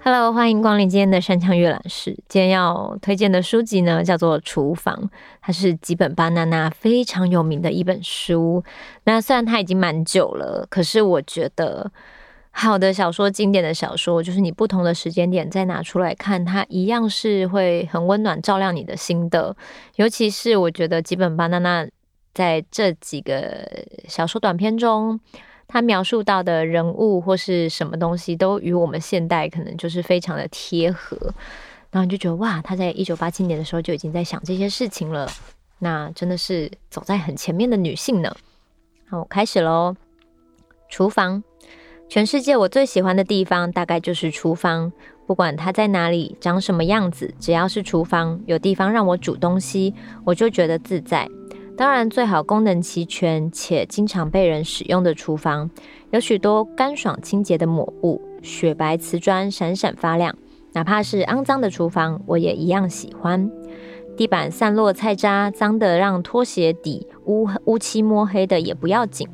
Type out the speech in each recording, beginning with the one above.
Hello，歡迎光臨今天的山羌閱覽室。今天要推薦的書籍呢，叫做《廚房》，它是吉本芭娜娜非常有名的一本書。那雖然它已經蠻久了，可是我覺得。好的小說，經典的小說，就是你不同的時間點再拿出來看，它一樣是會很溫暖、照亮你的心的。尤其是我覺得，吉本芭娜娜在這幾個小說短片中，他描述到的人物或是什麼東西，都與我們現代可能就是非常的貼合。然後你就覺得哇，她在一九八七年的時候就已經在想這些事情了，那真的是走在很前面的女性呢。好，開始嘍，廚房。全世界我最喜歡的地方大概就是廚房，不管它在哪裡，長什麼樣子，只要是廚房，有地方讓我煮東西，我就覺得自在。當然，最好功能齊全且經常被人使用的廚房，有許多乾爽清潔的抹布，雪白瓷磚閃閃發亮。哪怕是骯髒的廚房，我也一樣喜歡。地板散落菜渣，髒得讓拖鞋底烏烏漆抹黑的也不要緊。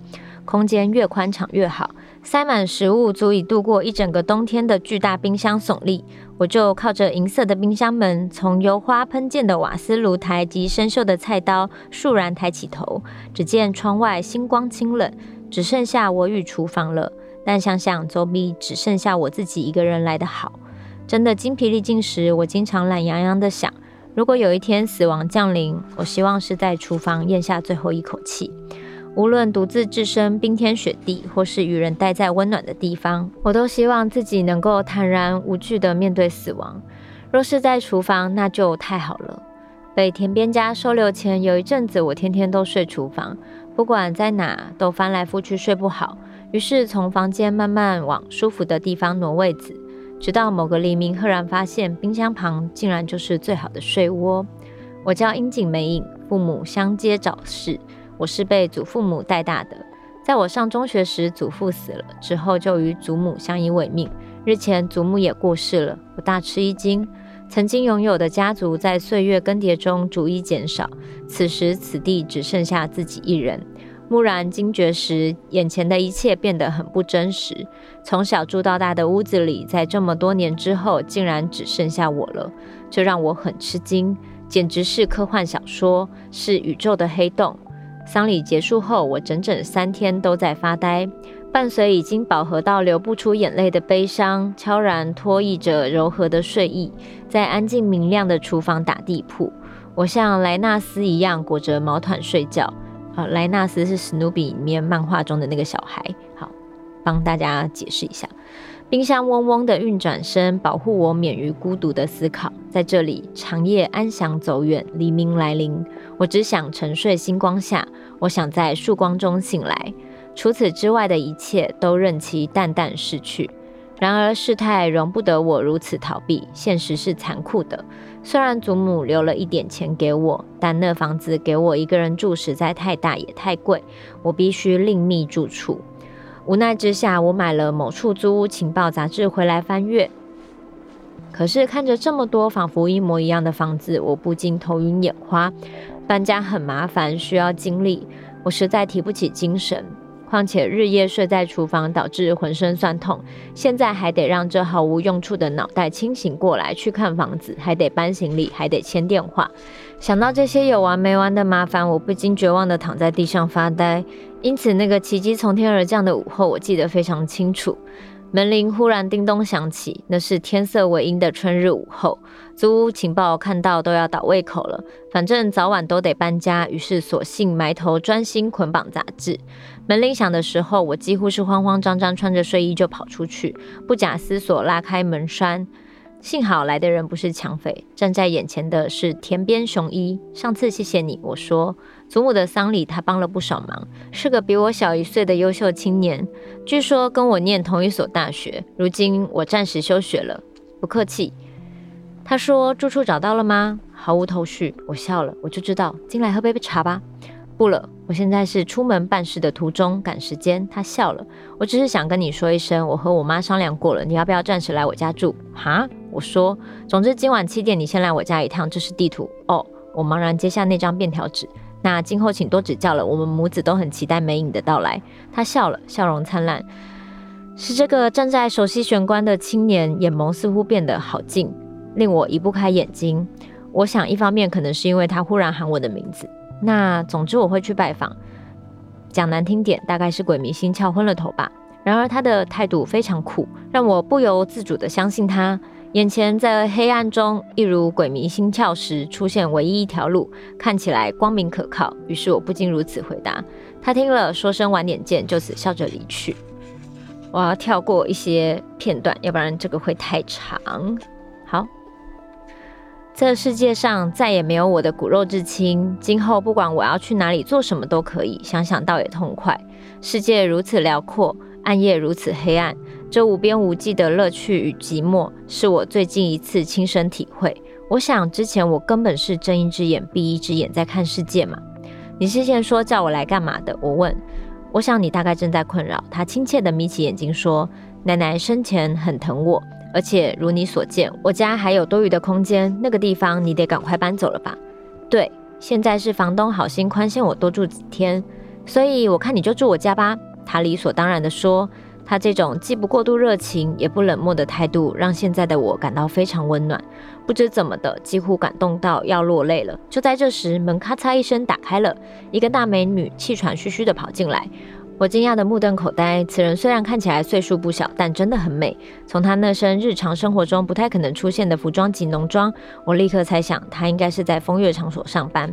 空間越寬敞越好，塞滿食物足以度過一整個冬天的巨大冰箱聳立，我就靠着銀色的冰箱門，從油花噴濺的瓦斯爐台及生鏽的菜刀倏然抬起頭，只見窗外星光清冷，只剩下我與廚房了。但想想總比只剩下我自己一個人來得好，真的精疲力盡時，我經常懶洋洋地想，如果有一天死亡降臨，我希望是在廚房嚥下最後一口氣。無論獨自置身冰天雪地，或是與人待在溫暖的地方，我都希望自己能夠坦然無懼地面對死亡。若是在廚房，那就太好了。被田邊家收留前，有一陣子我天天都睡廚房，不管在哪都翻來覆去睡不好。於是從房間慢慢往舒服的地方挪位子，直到某個黎明，赫然發現冰箱旁竟然就是最好的睡窩。我叫櫻井美影，父母相繼早逝。我是被祖父母帶大的。在我上中學時，祖父死了，之後就與祖母相依為命。日前，祖母也過世了，我大吃一驚。曾經擁有的家族在歲月更迭中逐一減少，此時此地只剩下自己一人。驀然驚覺時，眼前的一切變得很不真實。從小住到大的屋子裡，在這麼多年之後，竟然只剩下我了，這讓我很吃驚，簡直是科幻小說，是宇宙的黑洞。喪禮結束後，我整整三天都在發呆，伴隨已經飽和到流不出眼淚的悲傷，悄然拖曳着柔和的睡意，在安靜明亮的廚房打地鋪。我像萊納斯一樣裹着毛毯睡覺。好，萊納斯是 Snoopy 裡面漫畫中的那個小孩。好，幫大家解釋一下，冰箱嗡嗡的運轉聲保護我免於孤獨的思考。在這裡，長夜安詳走遠，黎明來臨。我只想沉睡星光下，我想在曙光中醒來。除此之外的一切，都任其淡淡逝去。然而事態容不得我如此逃避，現實是殘酷的。雖然祖母留了一點錢給我，但那房子給我一個人住實在太大也太貴，我必須另覓住處。無奈之下，我買了某出租屋情報雜誌回來翻閱。可是看着這麼多仿佛一模一樣的房子，我不禁頭暈眼花。搬家很麻煩，需要精力，我實在提不起精神。況且日夜睡在廚房，導致渾身酸痛。現在還得讓這毫無用處的腦袋清醒過來去看房子，還得搬行李，還得簽電話。想到這些有完沒完的麻煩，我不禁絕望地躺在地上發呆。因此，那個奇蹟從天而降的午後，我記得非常清楚。門鈴忽然叮咚響起，那是天色微陰的春日午後。租屋情報看到都要倒胃口了，反正早晚都得搬家，於是索性埋頭專心捆綁雜誌。門鈴響的時候，我幾乎是慌慌張張穿着睡衣就跑出去，不假思索拉開門栓。幸好來的人不是搶匪，站在眼前的是田邊雄一。上次謝謝你，我說祖母的喪禮他幫了不少忙，是個比我小一歲的優秀青年，據說跟我念同一所大學。如今我暫時休學了，不客氣。他說住處找到了嗎？毫無頭緒。我笑了，我就知道。進來喝杯杯茶吧。不了，我現在是出門辦事的途中，趕時間。他笑了，我只是想跟你說一聲，我和我媽商量過了，你要不要暫時來我家住？哈？我說，總之今晚七點你先來我家一趟，這是地圖哦。我茫然接下那張便條紙。那今後請多指教了，我們母子都很期待美影的到來。他笑了，笑容燦爛。是這個站在熟悉玄關的青年，眼眸似乎變得好近，令我移不開眼睛。我想，一方面可能是因為他忽然喊我的名字。那總之我會去拜訪。講難聽點，大概是鬼迷心竅昏了頭吧。然而他的態度非常酷，讓我不由自主地相信他。眼前在黑暗中，一如鬼迷心竅時出現唯一一條路，看起來光明可靠。於是我不禁如此回答。他聽了，說聲晚點見，就此笑着離去。我要跳過一些片段，要不然這個會太長。好，這世界上再也沒有我的骨肉至親，今後不管我要去哪裡做什麼都可以。想想倒也痛快。世界如此遼闊，暗夜如此黑暗。這無邊無際的樂趣與寂寞，是我最近一次親身體會。我想之前我根本是睜一隻眼閉一隻眼在看世界嘛。你之前說叫我來幹嘛的？我問。我想你大概正在困擾。他親切地眯起眼睛說：“奶奶生前很疼我，而且如你所見，我家還有多餘的空間。那個地方你得趕快搬走了吧？”“對，現在是房東好心寬限我多住幾天，所以我看你就住我家吧。”他理所當然地說。他這種既不過度熱情，也不冷漠的態度，讓現在的我感到非常溫暖。不知怎麼的，幾乎感動到要落淚了。就在這時，門咔嚓一聲打開了，一個大美女氣喘吁吁地跑進來。我驚訝的目瞪口呆。此人雖然看起來歲數不小，但真的很美。從他那身日常生活中不太可能出現的服裝及濃妝，我立刻猜想他應該是在風月場所上班。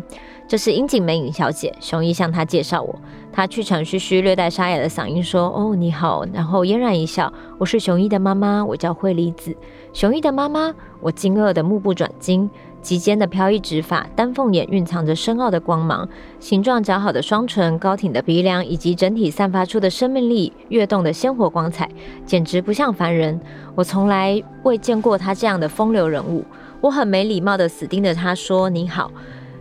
這是櫻井美影小姐，雄一向她介紹我。她氣喘吁吁、略帶沙啞的嗓音說：“哦，你好。”然後嫣然一笑：“我是雄一的媽媽，我叫惠梨子。”雄一的媽媽？我驚愕的目不轉睛。及肩的飄逸直髮，丹鳳眼蘊藏着深奧的光芒，形狀姣好的雙唇，高挺的鼻梁，以及整體散發出的生命力躍動的鮮活光彩，簡直不像凡人。我從來未見過他這樣的風流人物。我很沒禮貌的死盯着他說：“你好。”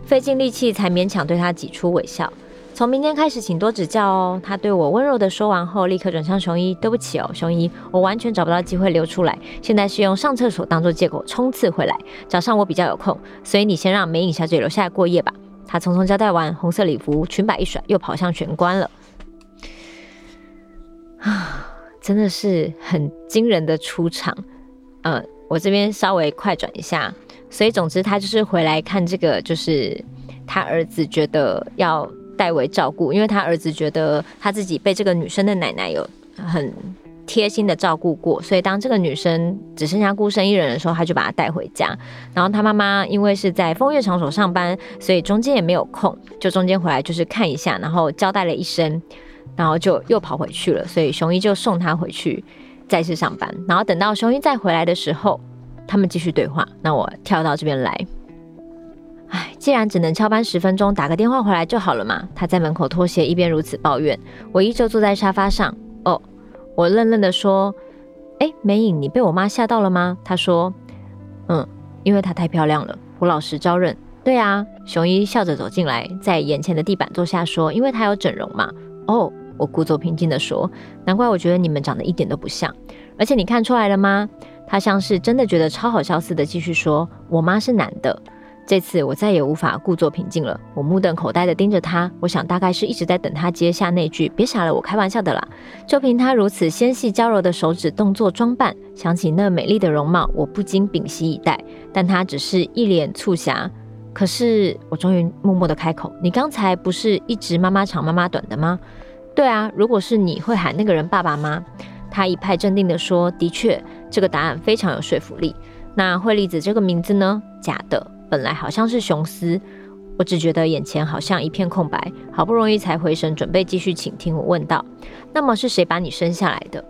費盡力氣才勉強對他擠出微笑。從明天開始，請多指教哦。他對我溫柔的說完後，立刻轉向雄一：“對不起哦，雄一，我完全找不到機會溜出來。現在是用上廁所當做借口衝刺回來。早上我比較有空，所以你先讓美影小姐留下來過夜吧。”他匆匆交代完，紅色禮服裙擺一甩，又跑向玄關了。啊，真的是很驚人的出場。嗯，我這邊稍微快轉一下。所以總之，他就是回來看這個，就是他兒子覺得要，代為照顧，因為他兒子覺得他自己被這個女生的奶奶有很貼心的照顧過，所以當這個女生只剩下孤身一人的時候，他就把她帶回家。然後他媽媽因為是在風月場所上班，所以中間也沒有空，就中間回來就是看一下，然後交代了一聲，然後就又跑回去了。所以雄一就送她回去再次上班。然後等到雄一再回來的時候，他們繼續對話。那我跳到這邊來。唉，既然只能翹班十分鐘，打個電話回來就好了嘛。他在門口脫鞋，一邊如此抱怨。我依舊坐在沙發上。哦，我愣愣地說：“哎，美影，你被我媽嚇到了嗎？”他說：“嗯，因為她太漂亮了。”我老實招認。對啊，雄一笑着走進來，在眼前的地板坐下說：“因為她有整容嘛。”哦，我故作平靜地說：“難怪我覺得你們長得一點都不像。而且你看出來了嗎？”他像是真的覺得超好笑似的，繼續說：“我媽是男的。”這次我再也無法故作平靜了，我目瞪口呆的盯着他。我想大概是一直在等他接下那句“別傻了，我開玩笑的啦”。就憑他如此纖細嬌柔的手指動作裝扮，想起那美麗的容貌，我不禁屏息以待。但他只是一臉促狹。可是我終於默默的開口：“你剛才不是一直媽媽長媽媽短的嗎？”“對啊。”“如果是你會喊那個人爸爸嗎？”他一派鎮定的說：“的確，這個答案非常有說服力。”“那惠利子這個名字呢？假的。”本來好像是雄獅，我只覺得眼前好像一片空白，好不容易才回神，準備繼續傾聽。我問道：“那麼是誰把你生下來的？”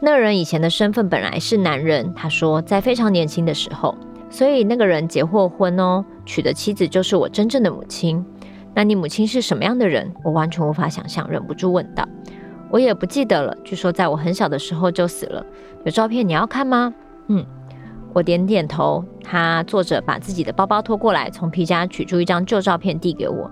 那個人以前的身份本來是男人，他說在非常年輕的時候，所以那個人結過婚哦，娶的妻子就是我真正的母親。那你母親是什麼樣的人？我完全無法想象，忍不住問道。我也不記得了，據說在我很小的時候就死了。有照片你要看嗎？嗯。我點點頭，他坐着把自己的包包拖過來，從皮夾取出一張舊照片遞給我。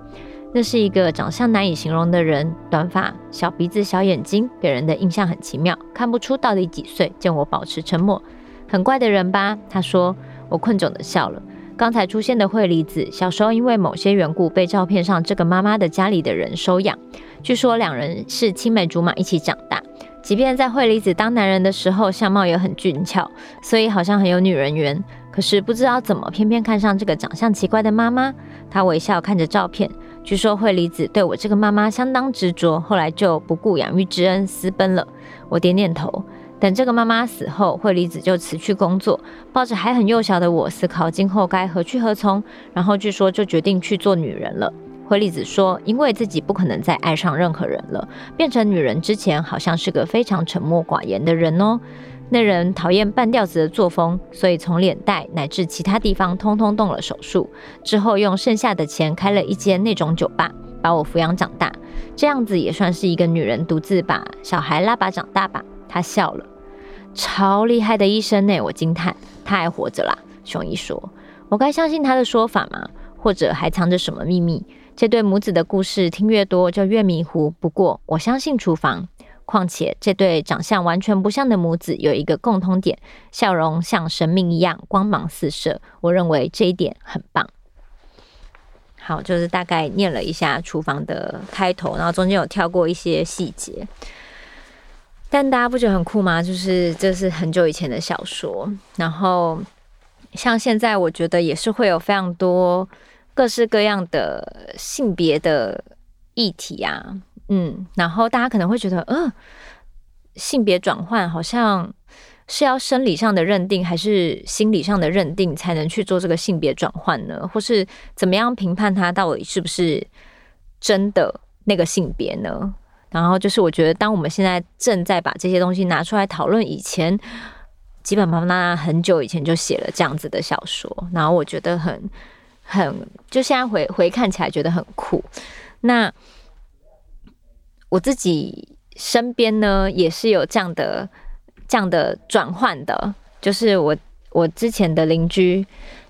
那是一個長相難以形容的人，短髮、小鼻子、小眼睛，給人的印象很奇妙，看不出到底幾歲。見我保持沉默，很怪的人吧？他說。我困窘的笑了。剛才出現的惠梨子小時候因為某些緣故被照片上這個媽媽的家裡的人收養，據說兩人是青梅竹馬，一起長大。即便在惠梨子當男人的時候，相貌也很俊俏，所以好像很有女人緣。可是不知道怎麼，偏偏看上這個長相奇怪的媽媽。她微笑看着照片。據說惠梨子對我這個媽媽相當執着，後來就不顧養育之恩私奔了。我點點頭。等這個媽媽死後，惠梨子就辭去工作，抱着還很幼小的我思考今後該何去何從，然後據說就決定去做女人了。惠理子說：“因為自己不可能再愛上任何人了。變成女人之前，好像是個非常沉默寡言的人哦。那人討厭半吊子的作風，所以從臉蛋乃至其他地方通通動了手術。之後用剩下的錢開了一間那種酒吧，把我撫養長大。這樣子也算是一個女人獨自把小孩拉拔長大吧。”她笑了。超厲害的醫生呢、欸，我驚嘆。他還活着啦，雄一說。我該相信他的說法嗎？或者還藏着什麼秘密？這對母子的故事聽越多就越迷糊，不過我相信廚房。況且這對長相完全不像的母子有一個共通點，笑容像神明一樣光芒四射。我認為這一點很棒。好，就是大概念了一下廚房的開頭，然後中間有跳過一些細節。但大家不覺得很酷嗎？就是這是很久以前的小說，然後像現在，我覺得也是會有非常多。各式各樣的性別的議題啊，嗯，然後大家可能會覺得，呃，性別轉換好像是要生理上的認定，還是心理上的認定才能去做這個性別轉換呢？或是怎麼樣評判他到底是不是真的那個性別呢？然後就是，我覺得當我們現在正在把這些東西拿出來討論以前，吉本芭娜娜很久以前就寫了這樣子的小說，然後我覺得很。很，就現在回回看起來覺得很酷。那我自己身邊呢，也是有這樣的這樣的轉換的。就是我我之前的鄰居，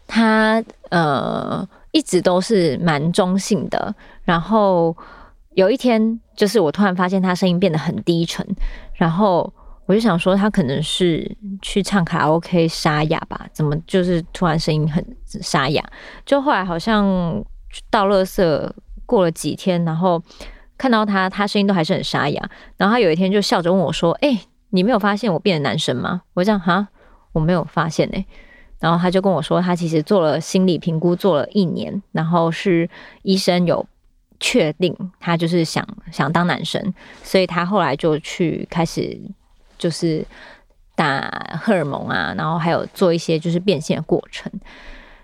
他呃一直都是蠻中性的，然後有一天，就是我突然發現他聲音變得很低沉，然後。我就想說，他可能是去唱卡拉 OK 沙啞吧？怎麼就是突然聲音很沙啞？就後來好像倒垃圾過了幾天，然後看到他，他聲音都還是很沙啞。然後他有一天就笑着問我說：“誒、欸，你沒有發現我變男生嗎？”我講：“哈，我沒有發現。”哎，然後他就跟我說，他其實做了心理評估，做了一年，然後是醫生有確定他就是想想當男生，所以他後來就去開始。就是打荷爾蒙啊，然後還有做一些就是變性過程，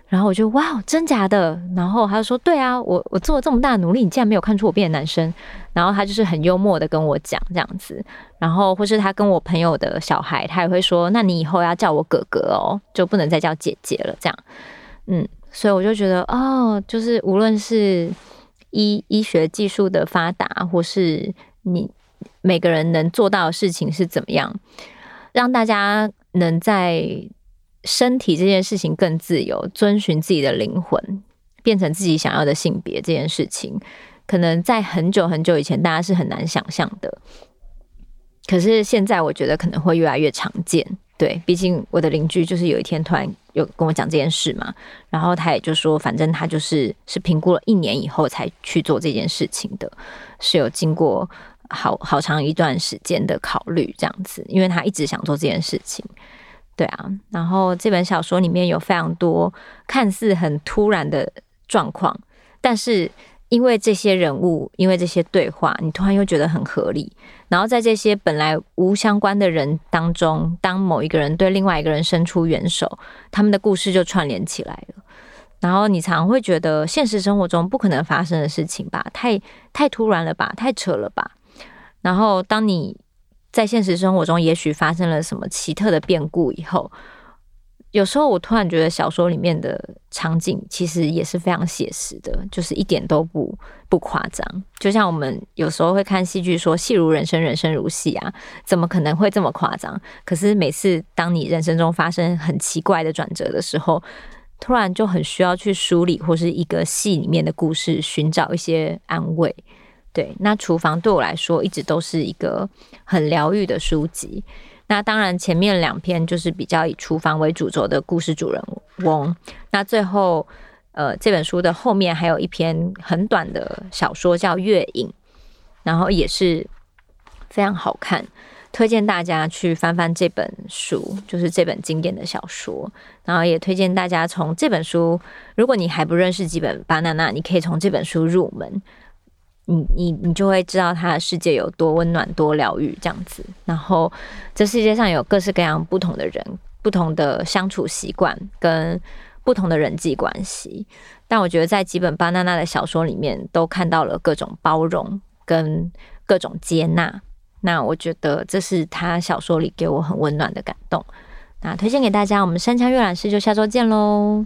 然後我就哇，真假的？然後他就說，對啊，我我做了這麼大的努力，你竟然沒有看出我變男生？然後他就是很幽默的跟我講這樣子，然後或是他跟我朋友的小孩，他也會說，那你以後要叫我哥哥哦，就不能再叫姐姐了，這樣，嗯，所以我就覺得哦，就是無論是醫醫學技術的發達，或是你。每個人能做到的事情是怎麼樣，讓大家能在身體這件事情更自由，遵循自己的靈魂，變成自己想要的性別這件事情，可能在很久很久以前大家是很難想象的。可是現在我覺得可能會越來越常見。對，畢竟我的鄰居就是有一天突然有跟我講這件事嘛，然後他也就說，反正他就是是評估了一年以後才去做這件事情的，是有經過。好好長一段時間的考慮，這樣子，因為他一直想做這件事情，對啊。然後這本小說裡面有非常多看似很突然的狀況，但是因為這些人物，因為這些對話，你突然又覺得很合理。然後在這些本來無相關的人當中，當某一個人對另外一個人伸出援手，他們的故事就串聯起來了。然後你常常會覺得，現實生活中不可能發生的事情吧？太太突然了吧？太扯了吧？然後，當你在現實生活中也許發生了什麼奇特的變故以後，有時候我突然覺得小說裡面的場景其實也是非常寫實的，就是一點都不不誇張。就像我們有時候會看戲劇說，說戲如人生，人生如戲啊，怎麼可能會這麼誇張？可是每次當你人生中發生很奇怪的轉折的時候，突然就很需要去梳理，或是一個戲裡面的故事，尋找一些安慰。對，那廚房對我來說一直都是一個很療癒的書籍。那當然，前面兩篇就是比較以廚房為主軸的故事主人翁。那最後，呃，這本書的後面還有一篇很短的小說叫《月影》，然後也是非常好看，推薦大家去翻翻這本書，就是這本經典的小說。然後也推薦大家從這本書，如果你還不認識吉本芭娜娜，你可以從這本書入門。你你你就會知道他的世界有多溫暖、多療癒這樣子。然後，這世界上有各式各樣不同的人、不同的相處習慣跟不同的人際關係。但我覺得在吉本芭娜娜的小說裡面，都看到了各種包容跟各種接納。那我覺得這是他小說裡給我很溫暖的感動。那推薦給大家，我們山羌閱覽室就下周見嘍。